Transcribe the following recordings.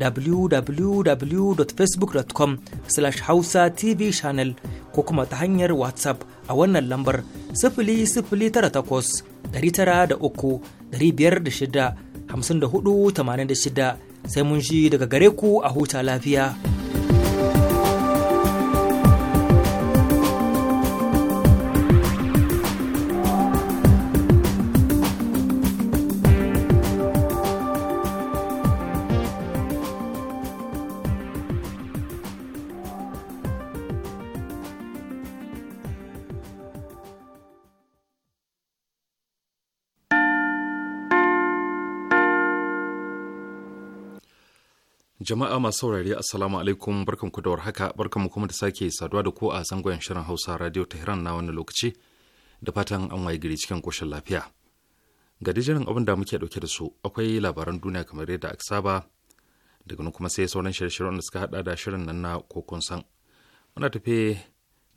www.facebook.com slash hausa tv channel ko kuma ta hanyar whatsapp a wannan lambar 00983 506 shida sai mun shi daga gare ku a huta lafiya. Jama'a masu saurari Assalamu alaikum barkanku da warhaka barkanku kuma da sake saduwa da ku a zangon shirin Hausa Radio Tehran na wannan lokaci da fatan an waye gari cikin koshin lafiya. Ga dijirin abin da muke dauke da su akwai labaran duniya kamar yadda aka saba daga nan kuma sai sauran shirye-shiryen da suka hada da shirin nan na kokon san. Muna tafe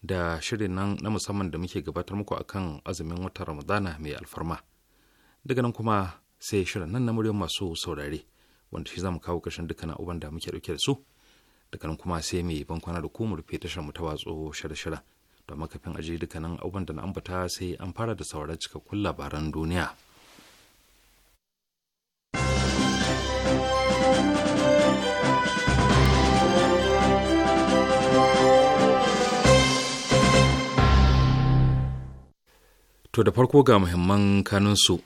da shirin nan na musamman da muke gabatar muku akan azumin watan Ramadana mai alfarma. Daga nan kuma sai shirin nan na muryar masu saurare. wanda shi za mu kawo ƙarshen dukkan abubuwan da muke ɗauke da su daga nan kuma sai mai bankwana da ku mu rufe tashar mu ta watso shara-shara don makafin aji dukkanin abubuwan da na ambata sai an fara da sauran cikakkun labaran duniya. To da farko ga muhimman kanunsu.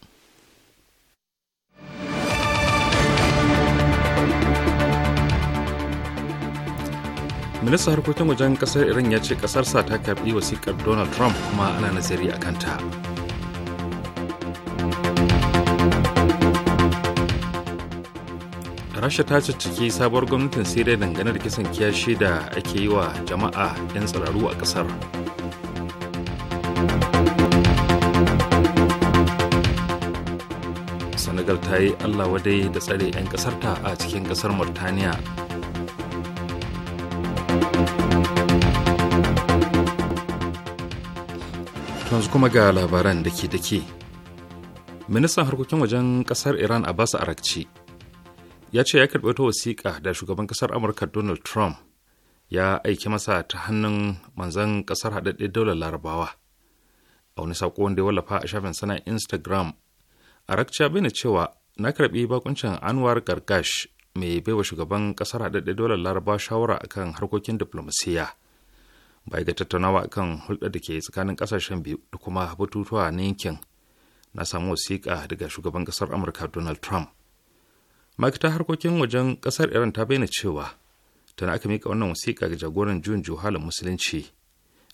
ministan harkokin wajen kasar iran ya ce kasarsa ta karbi wasikar donald trump kuma ana nazari a kanta rasha ta cicciki sabuwar gwamnatin dai dangane da kisan kiyashi da ake yi wa jama'a 'yan tsiraru a kasar senegal ta yi allah wadai da tsare 'yan kasarta a cikin kasar murtaniya yanzu kuma ga labaran da ke dake ministan harkokin wajen kasar iran abbas arakci ya ce ya karɓi wata wasiƙa da shugaban kasar amurka donald trump ya aiki masa ta hannun manzan kasar haɗaɗɗe daular larabawa a wani saƙo wanda ya wallafa a shafin sana instagram arakci ya bayyana cewa na karɓi bakuncin anwar gargash mai baiwa shugaban kasar haɗaɗɗe daular larabawa shawara akan harkokin diflomasiyya bai ga tattaunawa kan hulɗar da ke tsakanin ƙasashen biyu da kuma batutuwa na yankin na samu wasiƙa daga shugaban ƙasar amurka donald trump ma'aikatar harkokin wajen ƙasar iran ta bayyana cewa tana aka mika wannan wasiƙa ga jagoran juyin juhalin musulunci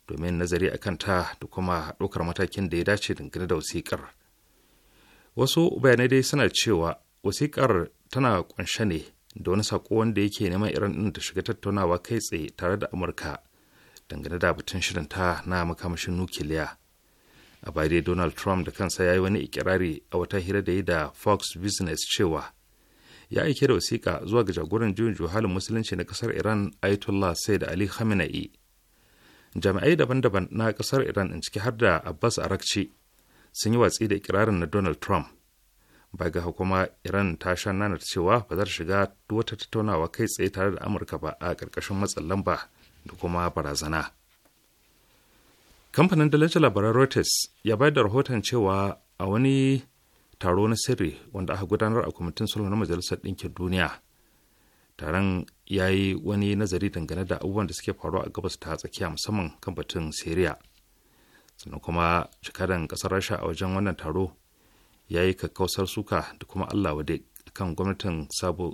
domin nazari a kan ta da kuma ɗaukar matakin da ya dace dangane da wasiƙar wasu bayanai dai suna cewa wasiƙar tana ƙunshe ne da wani saƙo wanda yake neman iran ɗin ta shiga tattaunawa kai tsaye tare da amurka dangane da batun ta na makamashin nukiliya a baya donald trump da kansa ya yi wani ikirari a wata hira da yi da fox business cewa ya aike da wasiƙa zuwa ga jagoran juyin juhalin musulunci na kasar iran ayatollah said ali khamenei jami'ai daban-daban na ƙasar iran in ciki har da abbas a arakci sun yi watsi da ikirarin na donald trump ba ga hukuma iran ta sha nanar cewa ba za ta shiga wata tattaunawa kai tsaye tare da amurka ba a ƙarƙashin matsin ba. da kuma barazana kamfanin dalilin labaran reuters ya bayar da rahoton cewa a wani taro na sirri wanda aka gudanar a kwamitin sulhu na majalisar ɗinkin duniya taron ya yi wani nazari dangane da abubuwan da suke faruwa a gabas ta tsakiya musamman kan batun syria sannan kuma jakadan ƙasar rasha a wajen wannan taro ya yi kakkausar suka da kuma allah wade kan gwamnatin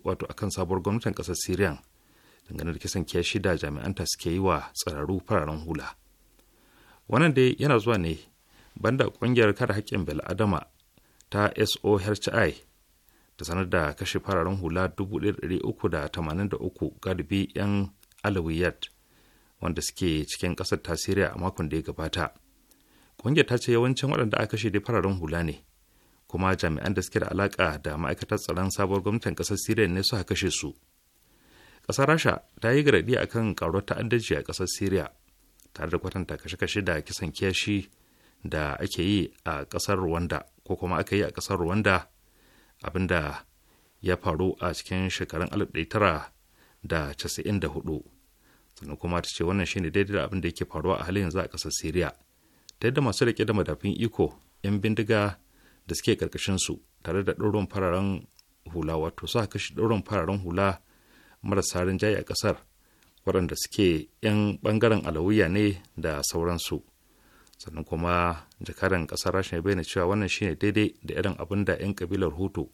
wato akan sabuwar gwamnatin ƙasar syria dangane da kisan shida jami'an ta suke yi wa tsararru fararen hula wannan dai yana zuwa ne banda kungiyar kare haƙƙin bil'adama ta sohri ta sanar da kashe fararen hula 383 galibi 'yan alawiyat wanda suke cikin ƙasar tasiriya a makon da ya gabata ƙungiyar ta ce yawancin waɗanda aka kashe dai fararen hula ne kuma jami'an da suke da alaƙa da ma'aikatar tsaron sabuwar gwamnatin ƙasar siriya ne suka kashe su kasar rasha ta yi garadi a kan ƙaruwar ta'addanci a kasar syria tare da kwatanta kashe-kashe da kisan kiyashi da ake yi a kasar rwanda ko kuma aka yi a kasar rwanda abinda ya faru a cikin shekarun 1994 sannan kuma ta ce wannan shine daidai da abin da yake faruwa a halin yanzu a kasar syria ta yadda masu rike da madafin iko 'yan bindiga da suke karkashin su tare da ɗaurin fararen hula wato sa kashe ɗaurin fararen hula marasa rinjaye a kasar waɗanda suke 'yan ɓangaren alawiya ne da sauransu sannan kuma jakadan ƙasar rasha ya bayyana cewa wannan shine daidai da irin abin da 'yan kabilar hutu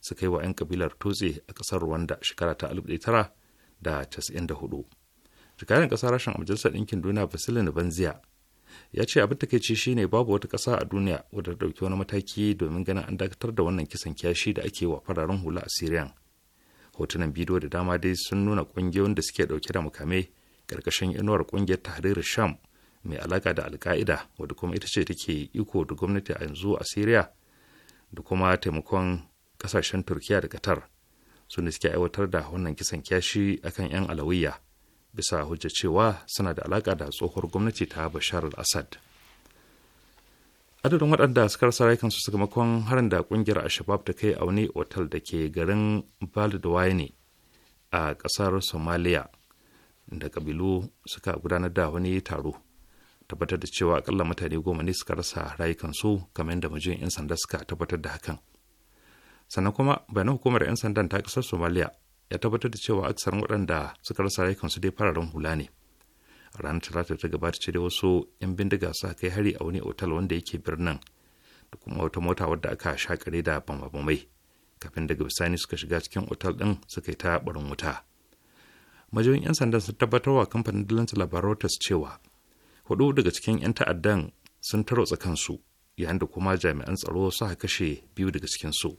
suka yi wa 'yan kabilar tutse a ƙasar rwanda shekara ta tara da da casa'in hudu jakadan ƙasar rashin a majalisar ɗinkin duniya vasilin banziya ya ce abin takaici shine babu wata ƙasa a duniya wadda ta ɗauki wani mataki domin ganin an dakatar da wannan kisan kiyashi da ake wa fararen hula a syrian hotunan bidiyo da dama dai sun nuna kungiyoyin da suke dauke da mukamai ƙarƙashin inuwar ƙungiyar tahrir sham mai alaka da alka'ida wadda kuma ita ce take iko da gwamnati a yanzu a syria da kuma taimakon kasashen turkiya da qatar su ne suke aiwatar da wannan kisan kyashi akan 'yan alawiya bisa hujja cewa suna da alaka da tsohuwar gwamnati ta bashar al-assad adadin waɗanda suka rasa rayukansu sakamakon harin da kungiyar alshabab ta kai a wani otal da ke garin baldwine a ƙasar somalia da kabilu suka gudanar da wani taro tabbatar da cewa akalla mutane goma ne suka rasa rayukansu kamar yadda majiyar 'yan sanda suka tabbatar da hakan sannan kuma bayanan hukumar 'yan sandan ta ƙasar somalia ya tabbatar da cewa aksarin waɗanda suka rasa rayukan su dai fararen hula ne ranar talata ta gabata ce da wasu 'yan bindiga sa kai hari a wani otal wanda yake birnin da kuma wata mota wadda aka shakare da bambamai kafin daga bisani suka shiga cikin otal din suka yi ta barin wuta majiyoyin 'yan sanda sun tabbatar wa kamfanin dillancin labarotas cewa hudu daga cikin 'yan ta'addan sun tarotsa kansu yayin da kuma jami'an tsaro su kashe biyu daga cikin su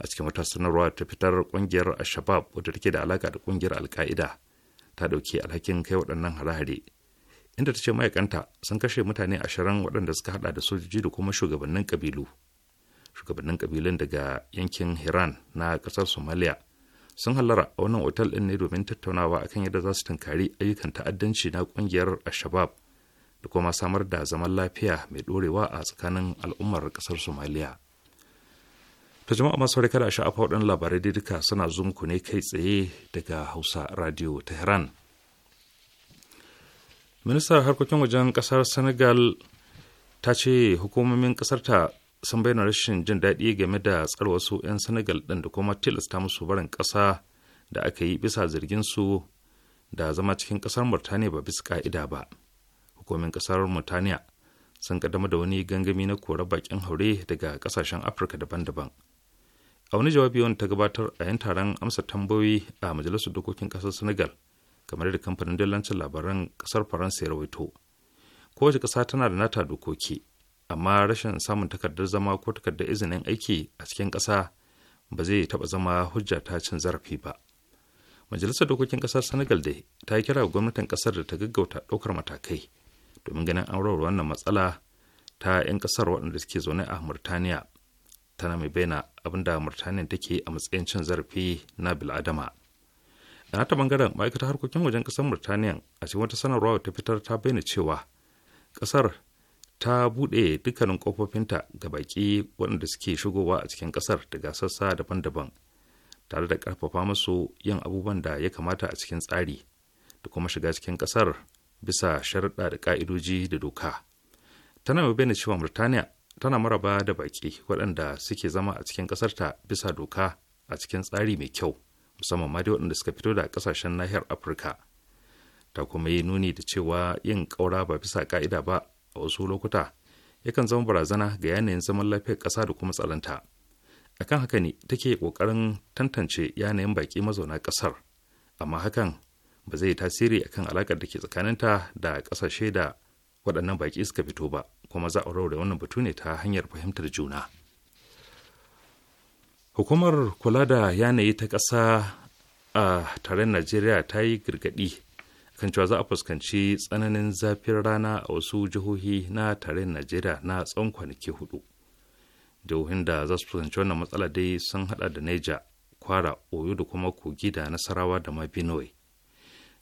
a cikin wata sanarwa ta fitar kungiyar al-shabab wadda take da alaka da kungiyar al-qaida ta ɗauki alhakin kai waɗannan hare-hare inda ta ce ma'aikanta sun kashe mutane ashirin waɗanda suka hada da sojoji da kuma shugabannin ƙabilu shugabannin ƙabilun daga yankin hiran na ƙasar somalia sun hallara a wannan otal ɗin ne domin tattaunawa akan yadda za su tunkari ayyukan ta'addanci na ƙungiyar al da kuma samar da zaman lafiya mai ɗorewa a tsakanin al'ummar ƙasar somaliya ta jama'a masu kada sha'afa waɗannan labarai da duka suna zo ne kai tsaye daga hausa radio tehran ministar harkokin wajen ƙasar senegal ta ce hukumomin ƙasar ta sun bayyana rashin jin daɗi game da tsar wasu 'yan senegal ɗin da kuma tilasta musu barin ƙasa da aka yi bisa zargin su da zama cikin ƙasar murtaniya ba bisa ƙa'ida ba hukumomin ƙasar murtaniya sun kaddama da wani gangami na kora bakin haure daga ƙasashen afirka daban-daban a wani jawabi wanda ta gabatar a yan taron amsa tambayoyi a majalisar dokokin kasar senegal kamar da kamfanin dillancin labaran kasar faransa ya rawaito kowace kasa tana da nata dokoki amma rashin samun takardar zama ko takardar izinin aiki a cikin ƙasa ba zai taɓa zama hujja ta cin zarafi ba majalisar dokokin ƙasar senegal dai ta kira ga gwamnatin ƙasar da ta gaggauta ɗaukar matakai domin ganin an rawar wannan matsala ta 'yan ƙasar waɗanda suke zaune a murtaniya tana mai bayyana da murtaniya take a matsayin cin zarafi na bil'adama a nata bangaren ma'aikatar harkokin wajen kasar murtaniya a cikin wata sanarwa ta fitar ta bayyana cewa kasar ta buɗe dukkanin kofofinta ga baƙi waɗanda suke shigowa a cikin kasar daga sassa daban-daban tare da ƙarfafa musu yin abubuwan da ya kamata a cikin tsari da kuma shiga cikin kasar bisa sharaɗa da ƙa'idoji da doka tana mai bayyana cewa murtaniya tana maraba da baƙi waɗanda suke zama a cikin ƙasarta bisa doka a cikin tsari mai kyau musamman ma dai waɗanda suka fito da ƙasashen nahiyar afirka ta kuma yi nuni da cewa yin ƙaura ba bisa ƙa'ida ba a wasu lokuta yakan zama barazana ga yanayin zaman lafiyar ƙasa da kuma tsaronta akan haka ne take ƙoƙarin tantance yanayin baƙi mazauna ƙasar amma hakan ba zai yi tasiri akan alaƙar da ke tsakaninta da ƙasashe da waɗannan baƙi suka fito ba kuma za a raura wannan batu ne ta hanyar fahimtar juna hukumar kula da yanayi ta ƙasa a taron najeriya ta yi gargaɗi kan cewa za a fuskanci tsananin zafin rana a wasu jihohi na tarayyar najeriya na tsawon kwanaki hudu jihohin da za su fuskanci wannan matsala dai sun hada da neja kwara oyo da kuma kogi da nasarawa da ma benue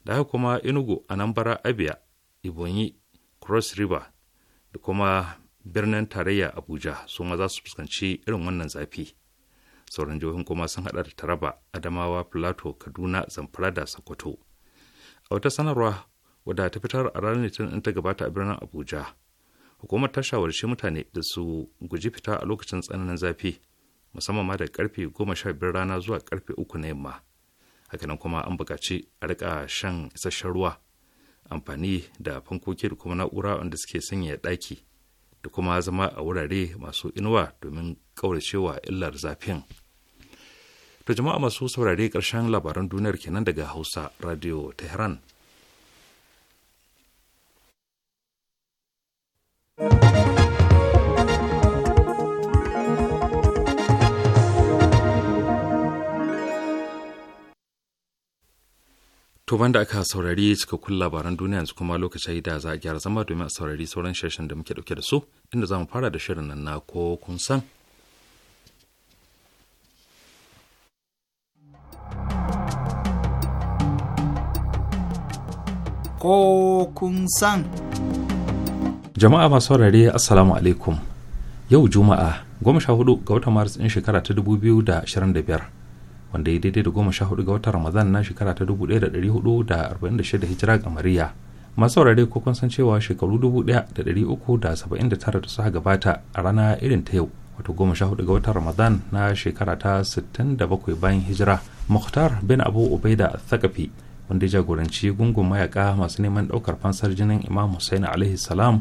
da haka kuma enugu anambra abia ibonyi cross river da kuma birnin tarayya abuja su ma za su fuskanci irin wannan zafi sauran jihohin kuma sun hada da taraba adamawa plateau kaduna zamfara da sokoto a wata sanarwa wadda ta fitar a ranar litinin ta gabata a birnin abuja hukumar ta shawarci mutane da su guji fita a lokacin tsananin zafi musamman ma da karfe goma sha biyar rana zuwa karfe uku na yamma hakanan kuma an buƙaci a rika shan isasshen ruwa amfani da fankoki da kuma na'ura wanda suke sanya ɗaki da kuma zama a wurare masu inuwa domin ƙauracewa illar zafin. To jama'a masu saurare ƙarshen labaran duniyar kenan daga Hausa Radio Tehran. To banda aka saurari cikakkun labaran duniya yanzu kuma lokacin da za a gyara zama domin a saurari sauran shirshen da muke dauke da su inda za mu fara da shirin nan na ko kun san. Ko kun san. Jama'a masu saurare Assalamu alaikum. Yau Juma'a goma sha hudu ga watan Maris ɗin shekara ta dubu biyu da ashirin da biyar. wanda ya daidai da goma sha hudu ga watan ramadan na shekara ta dubu ɗaya da dari hudu da arba'in da shida hijira kamariya masu saurare ko kun san cewa shekaru dubu ɗaya da dari uku da saba'in da tara da suka gabata a rana irin ta yau wato goma sha hudu ga watan ramadan na shekara ta sittin da bakwai bayan hijira muhtar bin abu ubaida thakafi wanda ya jagoranci gungun mayaka masu neman ɗaukar fansar jinin imam hussein alaihi salam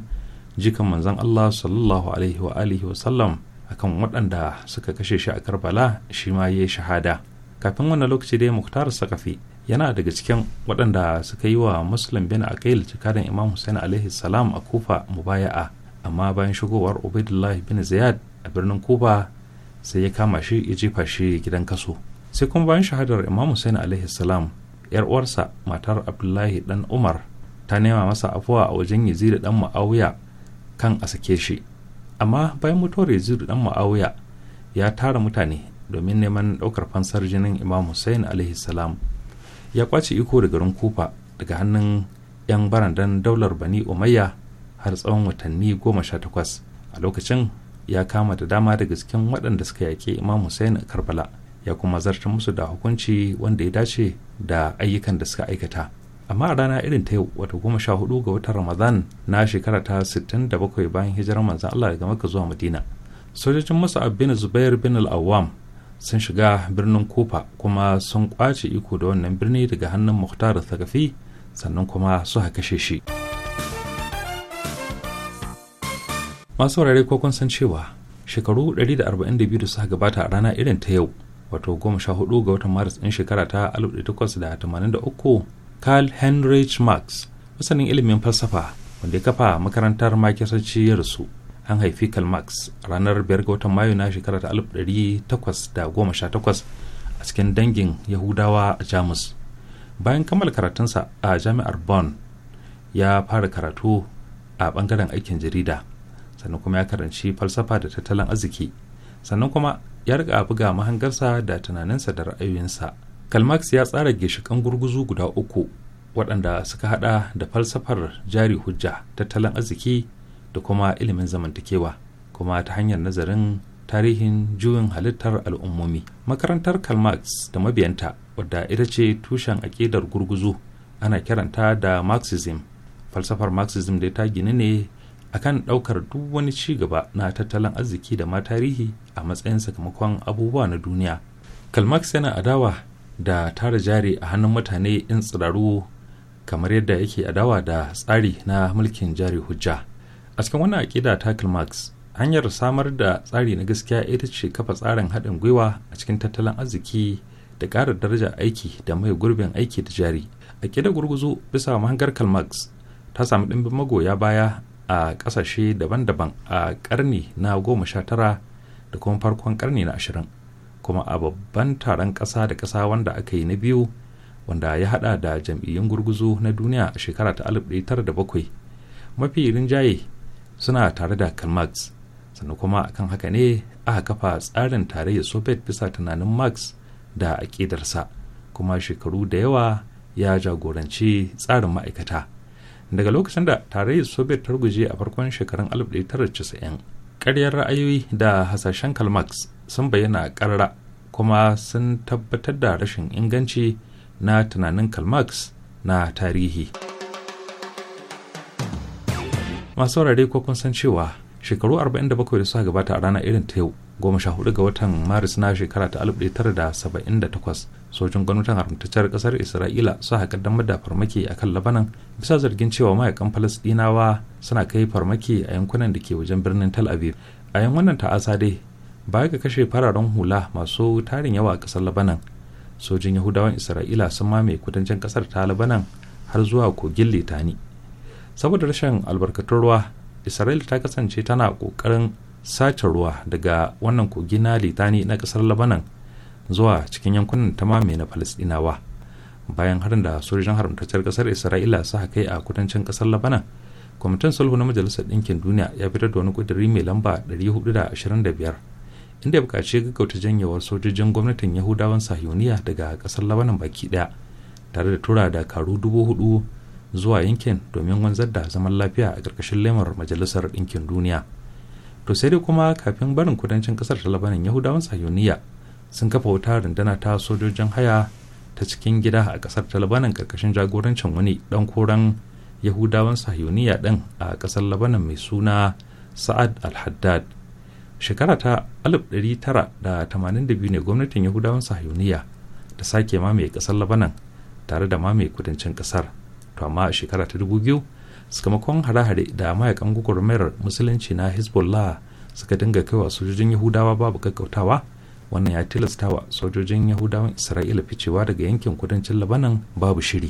jikan manzon allah sallallahu alaihi wa alihi wa sallam akan waɗanda suka kashe shi a karbala shi ma ya shahada kafin wannan lokaci dai muktar sakafi yana daga cikin waɗanda suka yi wa muslim bin aqil jikadan imam hussein alaihi salam a kufa mubaya'a amma bayan shigowar ubaidullah bin ziyad a birnin kuba sai ya kama shi ya jefa shi gidan kaso sai kuma bayan shahadar imam hussein alaihi salam yar uwarsa matar abdullahi dan umar ta nema masa afuwa a wajen yazid dan muawiya kan a sake shi amma bayan mutuwar yazid dan muawiya ya tara mutane domin neman daukar fansar jinin imam hussein alaihi salam ya kwace iko da garin kufa daga hannun 'yan barandan daular bani umayya har tsawon watanni goma sha takwas a lokacin ya kama da dama daga cikin waɗanda suka yaƙi imam hussein a karbala ya kuma zarta musu da hukunci wanda ya dace da ayyukan da suka aikata amma a rana irin ta yau wata goma sha hudu ga watan ramadan na shekara ta sittin da bakwai bayan hijirar manzan allah daga maka zuwa madina sojojin musa bin zubair bin al-awwam sun shiga birnin kofa kuma sun kwace iko da wannan birni daga hannun muhtar thaqafi sannan kuma su kashe shi masu wurare ko san cewa shekaru 142 da suka gabata a rana irin ta yau wato 14 ga watan maris ɗin shekara ta 1883 carl heinrich marx masanin ilimin falsafa wanda ya kafa makarantar makisarci ya rasu an haifi karl marx ranar biyar ga watan mayu na shekarar takwas a cikin dangin yahudawa a jamus bayan kammala karatunsa a jami'ar bonn ya fara karatu a bangaren aikin jarida sannan kuma ya karanci falsafa da tattalin arziki sannan kuma ya riga buga mahangarsa da tunaninsa da ra'ayoyinsa karl marx ya tsara ginshiƙan gurguzu guda uku waɗanda suka haɗa da falsafar jari hujja tattalin arziki da kuma ilimin zamantakewa kuma ta hanyar nazarin tarihin juyin halittar al'ummomi makarantar karl da mabiyanta wadda ita ce tushen aƙidar gurguzu ana kiranta da marxism falsafar marxism da ta gini ne a kan ɗaukar duk wani ci gaba na tattalin arziki da ma tarihi a matsayin sakamakon abubuwa na duniya karl yana adawa da tara jari a hannun mutane in tsiraru kamar yadda yake adawa da tsari na mulkin jari hujja a cikin wannan aƙida tackle marx hanyar samar da tsari na gaskiya ita ce kafa tsarin haɗin gwiwa a cikin tattalin arziki da ƙara daraja aiki da mai gurbin aiki da jari a ƙida gurguzu bisa mahangar marx ta sami ɗimbin magoya baya a ƙasashe daban-daban a ƙarni na goma sha tara da kuma farkon ƙarni na ashirin kuma a babban taron ƙasa da ƙasa wanda aka yi na biyu wanda ya haɗa da jam'iyyun gurguzu na duniya a shekara ta 1907 mafi rinjaye suna tare da karl marx sannan kuma akan haka ne aka kafa tsarin tarayyar soviet bisa tunanin marx da aƙidarsa kuma shekaru da yawa ya jagoranci tsarin ma'aikata daga lokacin da tarayyar soviet ta ruguje a farkon shekarun 1990 karyar ra'ayoyi da hasashen karl marx sun bayyana karra kuma sun tabbatar da rashin inganci na tunanin karl marx na tarihi. masu saurare ko kun san cewa shekaru 47 da suka gabata a rana irin ta yau goma sha hudu ga watan maris na shekara ta alif da da saba'in takwas sojin gwamnatin haramtacciyar kasar isra'ila su haka kaddamar da farmaki a kan labanan bisa zargin cewa mayakan falasdinawa suna kai farmaki a yankunan da ke wajen birnin tal aviv a yan wannan ta'asa dai baya ga kashe fararen hula masu tarin yawa a kasar labanan sojin yahudawan isra'ila sun mamaye kudancin kasar ta labanan har zuwa kogin litani saboda rashin albarkatun ruwa isra'il ta kasance tana kokarin sace ruwa daga wannan kogi na litani na kasar labanan zuwa cikin yankunan ta tamame na falastinawa bayan harin da sojojin haramtacciyar ƙasar isra'ila suka kai a kudancin kasar labanan kwamitin sulhu na majalisar ɗinkin duniya ya fitar da wani kudiri mai lamba 425 inda ya buƙaci gaggauta janyewar sojojin gwamnatin yahudawan sahiyoniya daga kasar labanan baki ɗaya tare da tura da karu dubu hudu zuwa yankin domin wanzar da zaman lafiya a ƙarƙashin lemar majalisar ɗinkin duniya to sai dai kuma kafin barin kudancin ƙasar ta labanin yahudawan sun kafa wuta rundana ta sojojin haya ta cikin gida a ƙasar ta labanin ƙarƙashin jagorancin wani ɗan koren yahudawan sahiyoniya ɗin a ƙasar labanin mai suna sa'ad al-haddad shekara ta 1982 ne gwamnatin yahudawan sahiyoniya ta sake mamaye ƙasar labanan tare da mamaye kudancin ƙasar fama a shekara ta dubu biyu sakamakon hare-hare da mayakan gwagwarmayar musulunci na hezbollah suka dinga kaiwa sojojin yahudawa babu kakkautawa wannan ya tilastawa sojojin yahudawan isra'ila ficewa daga yankin kudancin labanan babu shiri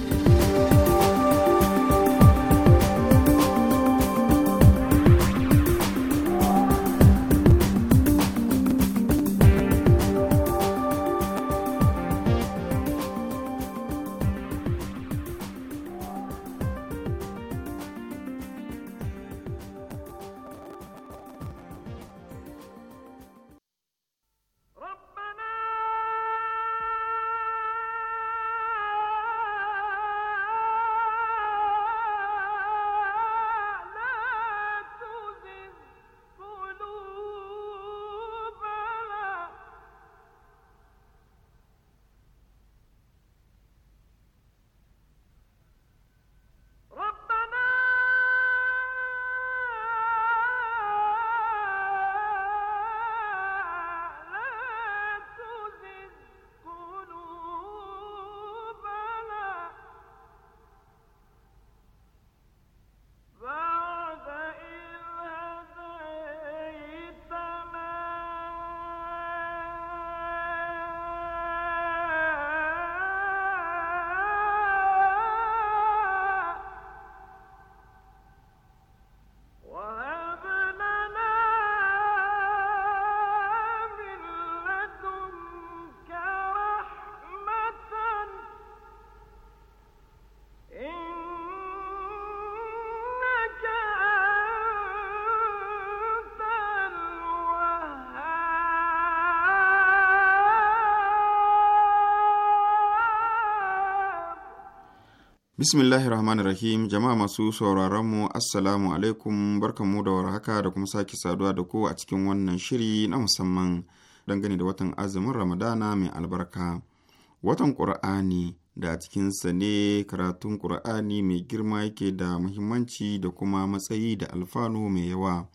Bismillahi Rahmanir Rahim, jama'a masu sauraron mu Assalamu alaikum barkanmu da warhaka da kuma sake saduwa da ku a cikin wannan shiri na musamman dangane da watan azumin Ramadana mai albarka. Watan Ƙur'ani da a sa ne karatun Ƙur'ani mai girma yake da muhimmanci da kuma matsayi da alfanu mai yawa.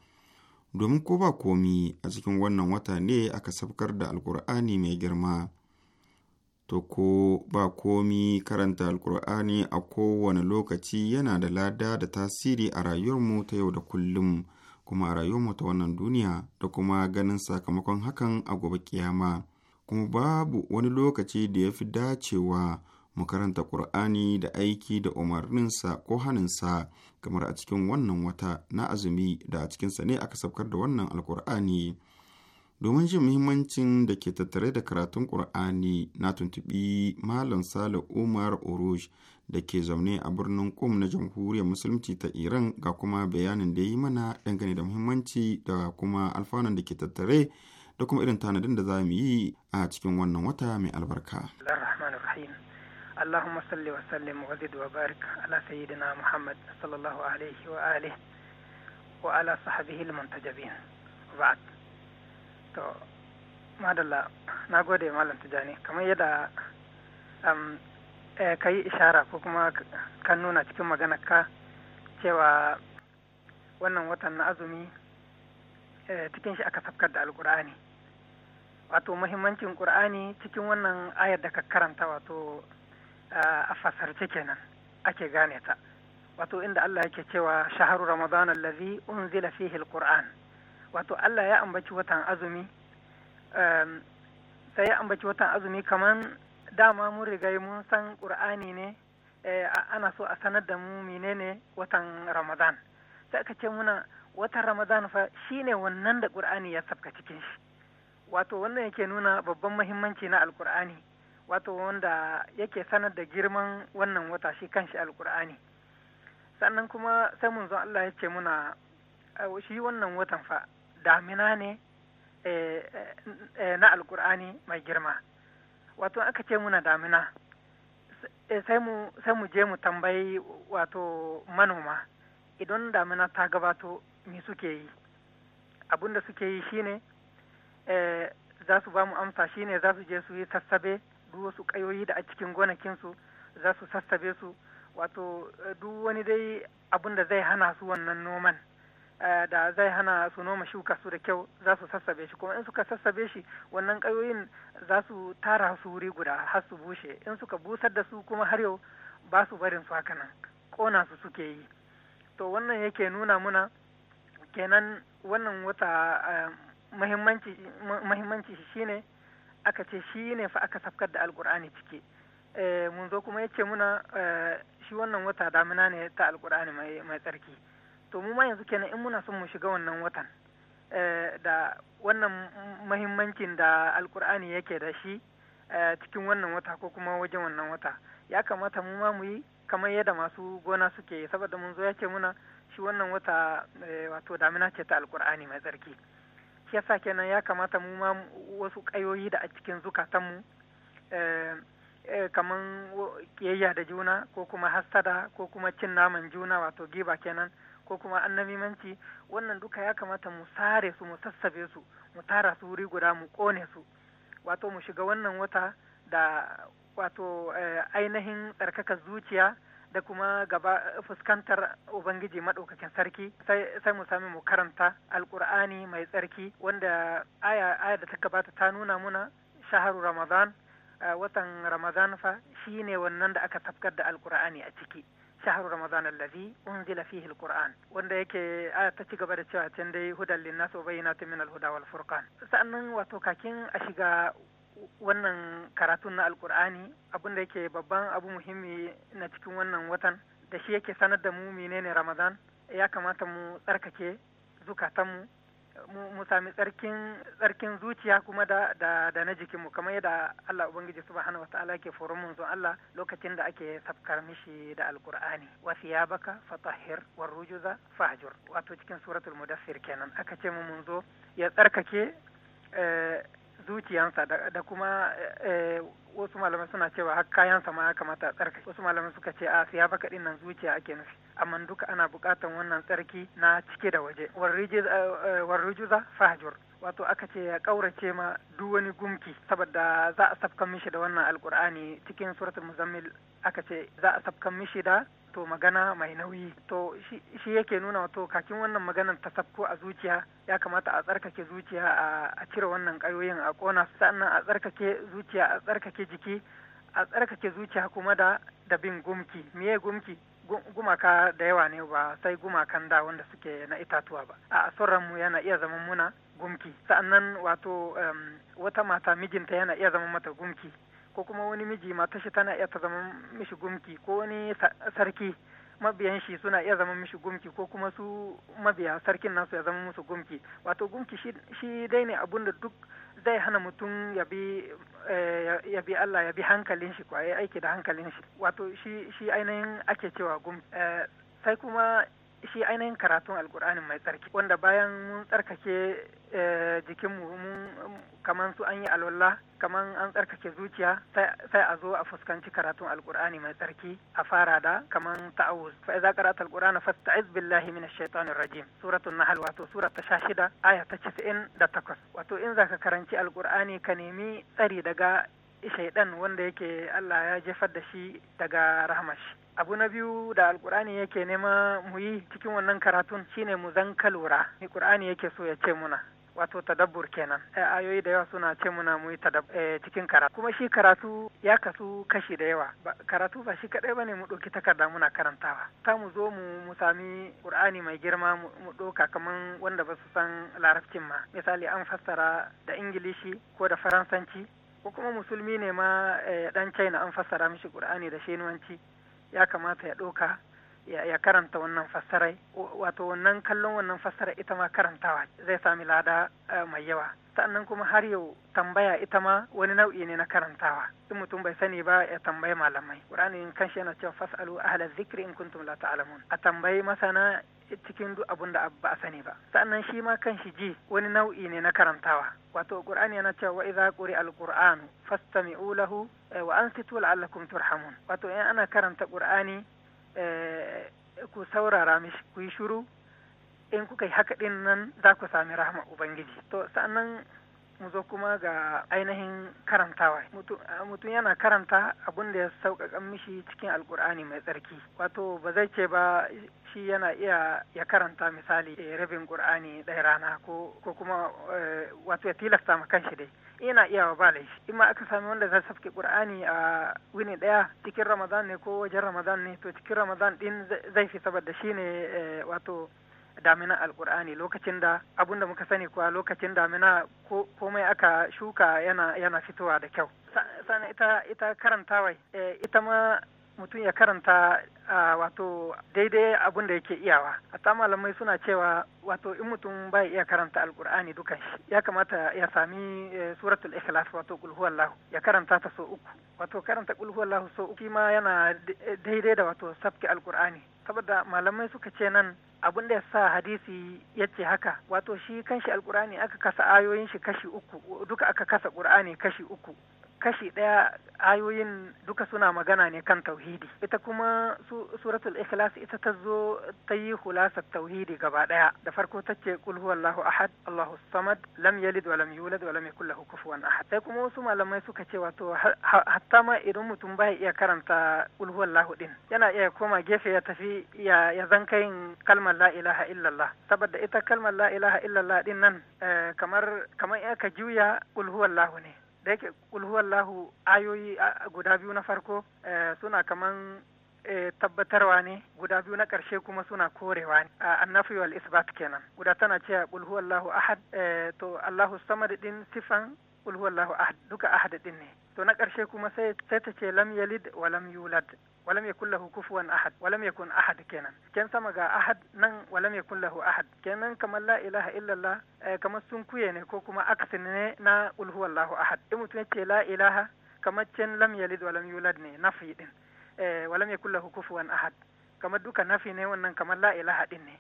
Domin ko ba komi a cikin wannan wata ne aka sabkar da Alƙur'ani mai girma. to ko ba komi karanta alkur'ani a kowane lokaci yana da lada da tasiri a rayuwarmu ta yau da kullum kuma a rayuwarmu ta wannan duniya da kuma ganin sakamakon hakan a gobe kiyama kuma babu wani lokaci da ya fi dacewa mu karanta ƙur'ani da aiki da umarninsa ko haninsa kamar a cikin wannan wata na azumi da a cikinsa ne aka saukar da wannan alkur'ani Domin jin muhimmancin da ke tattare da karatun Ƙur'ani na tuntubi Malam Sale Umar Oruj da ke zaune a birnin kum na Jamhuriyar Musulunci ta Iran ga kuma bayanin da ya yi mana dangane da muhimmanci da kuma alfanun da ke tattare da kuma irin tanadin da za mu yi a cikin wannan wata mai albarka. اللهم صل وسلم وزد وبارك على سيدنا محمد صلى الله عليه وآله وعلى to madalla na gode malam tijani kamar yadda um, eh, ka yi ishara ko kuma ka nuna cikin magana ka cewa wannan watan na azumi eh, cikin shi aka safkar da alkur'ani wato muhimmancin ƙur'ani cikin wannan ayar da ka karanta wato eh, a fasarce kenan ake gane ta wato inda Allah yake cewa shaharu ramadan allazi unzila fihi alquran wato Allah ya ambaci watan azumi um, sai ya ambaci watan azumi kamar dama mun riga mun san ƙur'ani ne eh, ana so a sanar da mu menene watan ramadan sai aka ce muna watan ramadan fa shine wannan da ƙur'ani ya sabka cikin shi wato wannan yake nuna babban mahimmanci na alƙur'ani wato wanda yake sanar da girman wannan wata shi kanshi alƙur'ani sannan kuma sai mun zo Allah ya ce muna eh, shi wannan watan fa damina ne eh, eh, na alkur'ani mai girma wato aka ce muna damina eh, sai mu je mu tambayi wato manoma idan damina ta gabato me suke yi abinda da suke yi shine za su ba mu amsa shine za su je su yi sassabe duk wasu kayoyi da a cikin gonakinsu za su sassabe su wato duk wani dai abinda zai hana su wannan noman Eh, da zai hana su noma shuka su da kyau za su sassabe shi kuma in suka sassabe shi wannan ƙayoyin za su tara su wuri guda har su bushe in suka busar da su kuma har yau ba su barin su haka nan ƙona su suke yi to wannan yake nuna muna kenan wannan wata eh, muhimmanci shine aka ce shi ne fa aka safkar da alkur'ani ciki eh, mun zo kuma yace muna shi wannan wata damina ne ta alkur'ani mai tsarki to mu ma yanzu kenan in muna son mu shiga wannan watan eh, da wannan mahimmancin da alkur'ani yake da shi eh, cikin wannan wata ko kuma wajen wannan wata ya kamata mu ma mu yi kamar yadda masu gona suke saboda mun zo ya ce muna shi wannan wata eh, wato damina ce ta alkur'ani mai tsarki shi yasa kenan ya kamata mu ma wasu kayoyi da a cikin zukatan mu kamar kiyayya da juna ko kuma hastada ko kuma cin naman juna wato giba kenan ko kuma annabimanci wannan duka ya kamata mu sare su mu sassabe su mu tara su wuri guda mu kone su wato mu shiga wannan wata da wato eh, ainihin tsarkaka zuciya da kuma gaba fuskantar ubangiji maɗaukakin sarki sai mu sami mu karanta alkur'ani mai tsarki wanda aya aya da ta gabata ta nuna muna shaharu ramadan eh, watan ramadan fa shine wannan da aka tafkar da alkur'ani a ciki shahru ramadan allazi unzila fihi alquran wanda yake aya ta ci gaba da cewa can dai hudan linnas wa bayyinatun min alhuda wal furqan sannan wato kakin a shiga wannan karatun na alkur'ani abin da yake babban abu muhimmi na cikin wannan watan da shi yake sanar da mu menene ramadan ya kamata mu tsarkake mu. mu sami tsarkin zuciya kuma da da na jikinmu kamar yadda Allah ubangiji subhanahu wataala ke foron mun Allah lokacin da ake safkar mishi da alkur'ani wa thiyabaka fatahhir war rujuza fahjur wato cikin suratul mudaffir kenan aka ce mu mun zo ya tsarkake eh, zuciyansa da kuma eh, wasu malamai suna cewa har kayansa ma ya kamata a tsarkake wasu malamai suka ce a baka dinnan zuciya ake nufi amma duka ana bukatan wannan tsarki na cike da waje eh, eh, warrujuza fahajur wato aka ce ya kaurace ma duk wani gumki saboda za a safkan mishi da wannan alkur'ani cikin suratul muzammil aka ce za a safkan mishi da to magana mai nauyi to shi yake nuna wato kakin wannan maganar ta safko a zuciya ya kamata a tsarkake zuciya a cire wannan kayoyin a kona sannan a tsarkake zuciya a tsarkake jiki a tsarkake zuciya kuma da da bin gumki miye gumki gumaka da yawa ne ba sai gumakan da wanda suke na itatuwa ba a mu yana iya zama muna gumki sa'annan wato wata mata mijinta yana iya zama mata gumki ko kuma wani miji mata shi tana iya ta zama mishi gumki ko wani sarki mabiyan shi suna iya zama mishi gumki ko kuma su mabiya sarkin nasu ya zama musu gumki wato gumki shi dai ne abun da duk zai hana mutum ya bi eh, Allah ya bi hankalin shi kwaye aiki da hankalin shi wato shi ainihin ake cewa gumki eh, sai kuma shi ainihin karatun alkur'ani mai tsarki wanda bayan mun tsarkake eh, jikinmu kaman su an yi alwala kaman an tsarkake zuciya sai a zo a fuskanci karatun alkur'ani mai tsarki a fara da kaman ta'awuz fa idza qara'ta alqur'ana fasta'iz billahi minash shaitanir rajim suratul nahl wato sura ta 16 aya ta 98 wato in zaka karanci alkur'ani ka nemi tsari daga shaidan wanda yake Allah ya jefar da shi daga rahmashi abu na biyu da alkur'ani yake nema mu yi cikin wannan karatun shine mu zanka lura ni qur'ani yake so ya ce muna wato tadabbur kenan eh, ayoyi da yawa suna ce muna mu yi eh, cikin karatu kuma shi karatu ya kasu kashi da yawa karatu ba shi kadai bane mu ɗauki takarda muna karantawa ta mu zo mu mu sami qur'ani mai girma mu ɗauka kaman wanda ba su san larabcin ma misali an fassara da ingilishi ko da faransanci ko kuma musulmi ne ma eh, ɗan china an fassara mishi ƙur'ani da shinuwanci ya kamata ya ɗauka ya karanta wannan fassarai wato wannan kallon wannan fassara ita ma karantawa zai sami lada eh, mai yawa sannan kuma har yau tambaya ita ma wani nau'i ne na karantawa in mutum bai sani ba ya tambayi malamai qur'ani in kanshi yana cewa fasalu ahla zikri in kuntum la ta'lamun a tambayi masana cikin duk abun da ba a sani ba sannan shi ma kanshi ji wani nau'i ne na karantawa wato qur'ani yana cewa wa idza quri'a al fastami'u lahu eh, wa ansitu la'allakum turhamun wato in ana karanta qur'ani Eh, ku saurara mishi ku yi shiru in kuka yi haka ɗin nan za ku sami rahama ubangiji to sannan mu zo kuma ga ainihin karantawa eh, mutum yana karanta abin da ya sauƙaƙa mishi cikin alkur'ani mai tsarki wato ba zai ce ba shi yana iya ya karanta misali eh, rabin ƙur'ani ɗaya rana ko kuma wato ya tilasta ma kanshi dai yana iya ba laifi in ma aka sami wanda za safke qur'ani a wuni daya cikin ramadan ne ko wajen ramadan ne to cikin ramadan din zai fi saboda shine eh, wato damina alqur'ani lokacin da abun da muka sani kuwa lokacin damina komai aka shuka yana yana fitowa da kyau sannan ita ita karantawa eh, ita ma mutum ya karanta wato daidai abun da yake iyawa a ta malamai suna cewa wato in mutum bai iya karanta alkur'ani dukan shi ya kamata ya sami e, suratul ikhlas wato kul lahu ya karanta ta so uku wato karanta kul so uku ma yana e, daidai da wato sabki alkur'ani saboda malamai suka ce nan abin da ya sa hadisi ya ce haka wato shi kanshi alkur'ani aka kasa ayoyin shi kashi uku duka aka kasa qur'ani kashi uku kashi ɗaya ayoyin duka suna magana ne kan tauhidi ita kuma suratul ikhlas ita ta zo ta yi hulasar tauhidi gaba ɗaya da farko ta ce kul huwallahu ahad allahu samad lam yalid wa lam yulad wa lam yakul lahu kufuwan ahad sai kuma wasu malamai suka ce wato hatta ma idan mutum bai iya karanta kul huwallahu din yana iya koma gefe ya tafi ya, ya zanka yin kalmar la ilaha illallah saboda ita kalmar la ilaha illallah din nan eh, kamar kamar ya ka juya kul huwallahu ne da yake kulhuwallahu ayoyi guda biyu na farko eh, suna kaman eh, tabbatarwa ne guda biyu na ƙarshe kuma suna korewa ne annafi wal isbat kenan guda tana cewa kulhuwallahu ahad eh, to allahu samad din sifan kulhuwallahu ahad duka ahad din ne to na ƙarshe kuma sai sai ta ce lam yalid wa lam yulad walam yakul lahu kufuwan ahad walam yakun ahad kenan kan sama ga ahad nan walam yakul lahu ahad kenan kamar la ilaha illallah eh, kamar sun ne ko kuma aksin ne na qul huwallahu ahad in mutum yace la ilaha kamar can lam yalid walam yulad ne nafi din eh, walam yakul lahu kufuwan ahad kamar duka nafi ne wannan kamar la ilaha din ne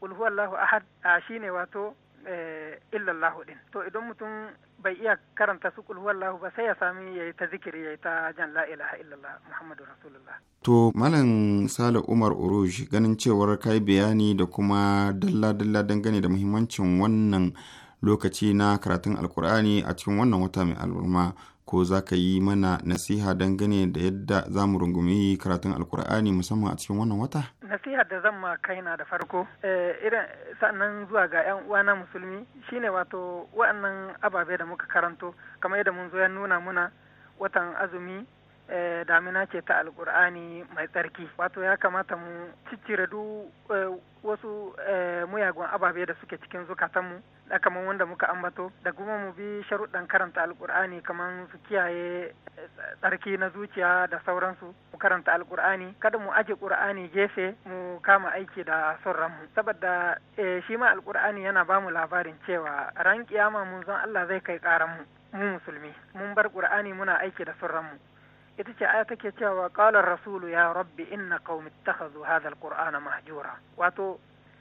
qul huwallahu ahad shine wato Eh, illallahu din to idan mutum bai iya karanta su kul wallahu ba sai ya sami yayi ta zikiri ya yi ta jan la ilaha illallah muhammadu rasulullah to malam sale umar uruj ganin cewar kai bayani da kuma dalla dalla dangane da muhimmancin wannan lokaci na karatun alkur'ani a cikin wannan wata mai al'umma ko za ka yi mana nasiha dangane da yadda za mu rungumi karatun alkur'ani musamman a cikin wannan wata nasiha da zan ma na da farko eh, irin sannan zuwa ga yan uwana musulmi shine wato wa'annan ababe da muka karanto kamar yadda mun zo ya nuna muna watan azumi Eh, damina ce ta alkur'ani mai tsarki wato ya kamata mu ciccire duk eh, wasu eh, muyagun ababe da suke cikin zukatanmu da kamar wanda muka ambato da kuma mu bi sharuɗan karanta alkur'ani kamar su kiyaye tsarki na zuciya da sauransu mu karanta alkur'ani kada mu aje ƙur'ani gefe mu kama aiki da son ranmu saboda shi ma alkur'ani yana bamu labarin cewa ran kiyama mun zan Allah zai kai karan mu mu musulmi mun bar ƙur'ani muna aiki da son ranmu ita ce aya take cewa qala rasulu ya rabbi inna qaumi ittakhadhu hadha alqur'ana mahjura wato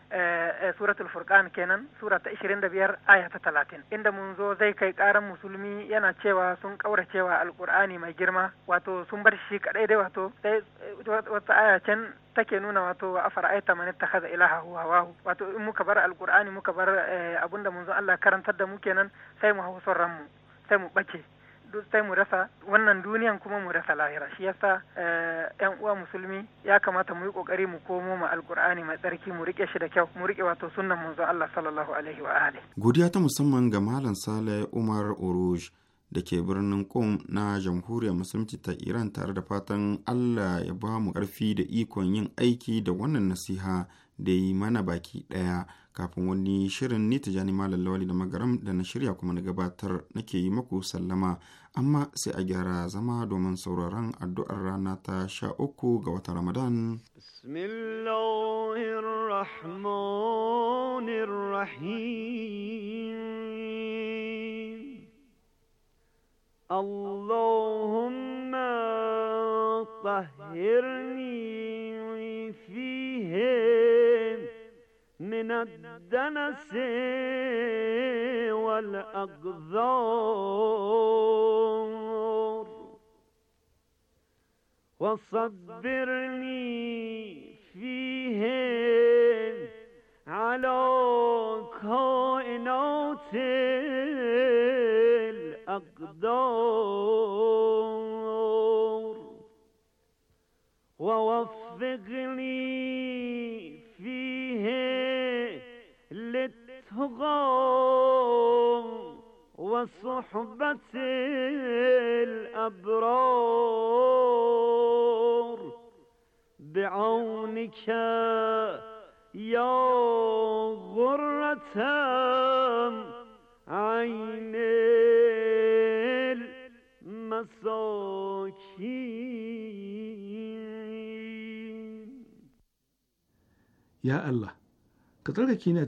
eh, eh, suratul furqan kenan sura ta 25 aya ta 30 inda mun zo zai kai ƙaran musulmi yana cewa sun kauracewa alqur'ani mai girma wato sun bar shi kadai dai wato sai eh, wata aya can take nuna wato wa afara'aita man ittakhadha ilahahu hawahu wato in muka bar alqur'ani muka bar abinda mun zo Allah karantar da mu kenan sai mu hausa ranmu sai mu bace duk sai mu rasa wannan duniyan kuma mu rasa lahira shi yasa yan eh, uwa musulmi ya kamata mu yi kokari mu komo ma alkur'ani mai tsarki mu rike shi da kyau mu rike wato sunnan manzon Allah sallallahu alaihi wa alihi godiya ta musamman ga malam Sale Umar Oruj da ke birnin Qom na Jamhuriyar Musulunci ta Iran tare da fatan Allah ya ba mu ƙarfi da ikon yin aiki da wannan nasiha da yi mana baki daya kafin wani shirin ni tijani malam lawali da magaram da na shirya kuma na gabatar nake yi maku sallama amma sai a gyara zama domin sauraron addu'ar rana ta sha uku ga wata Ramadan. اللهم طهرني فيه من الدنس والأقذار وصبرني فيهن على كائنات الأقدار ووفقني فيهن الأصغر وصحبة الأبرار بعونك يا غرة عين المساكين يا الله ka tsarkake ni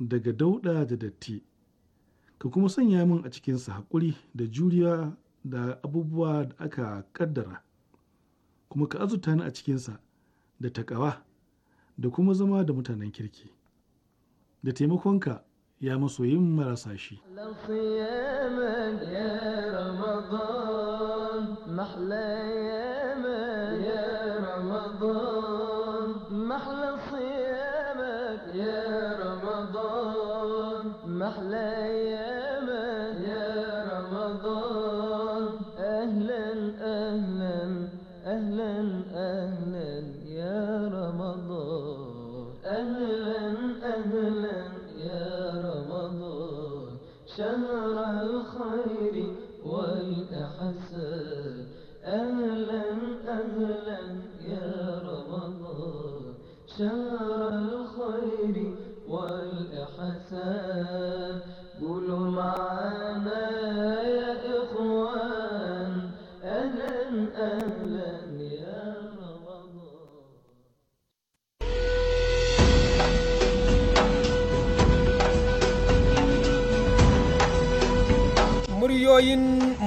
daga dauɗa da datti ka kuma sanya min a cikinsa haƙuri da juriya da abubuwa da aka ƙaddara kuma ka azurta ni a cikinsa da taƙawa da kuma zama da mutanen kirki da taimakonka ya masoyin marasa shi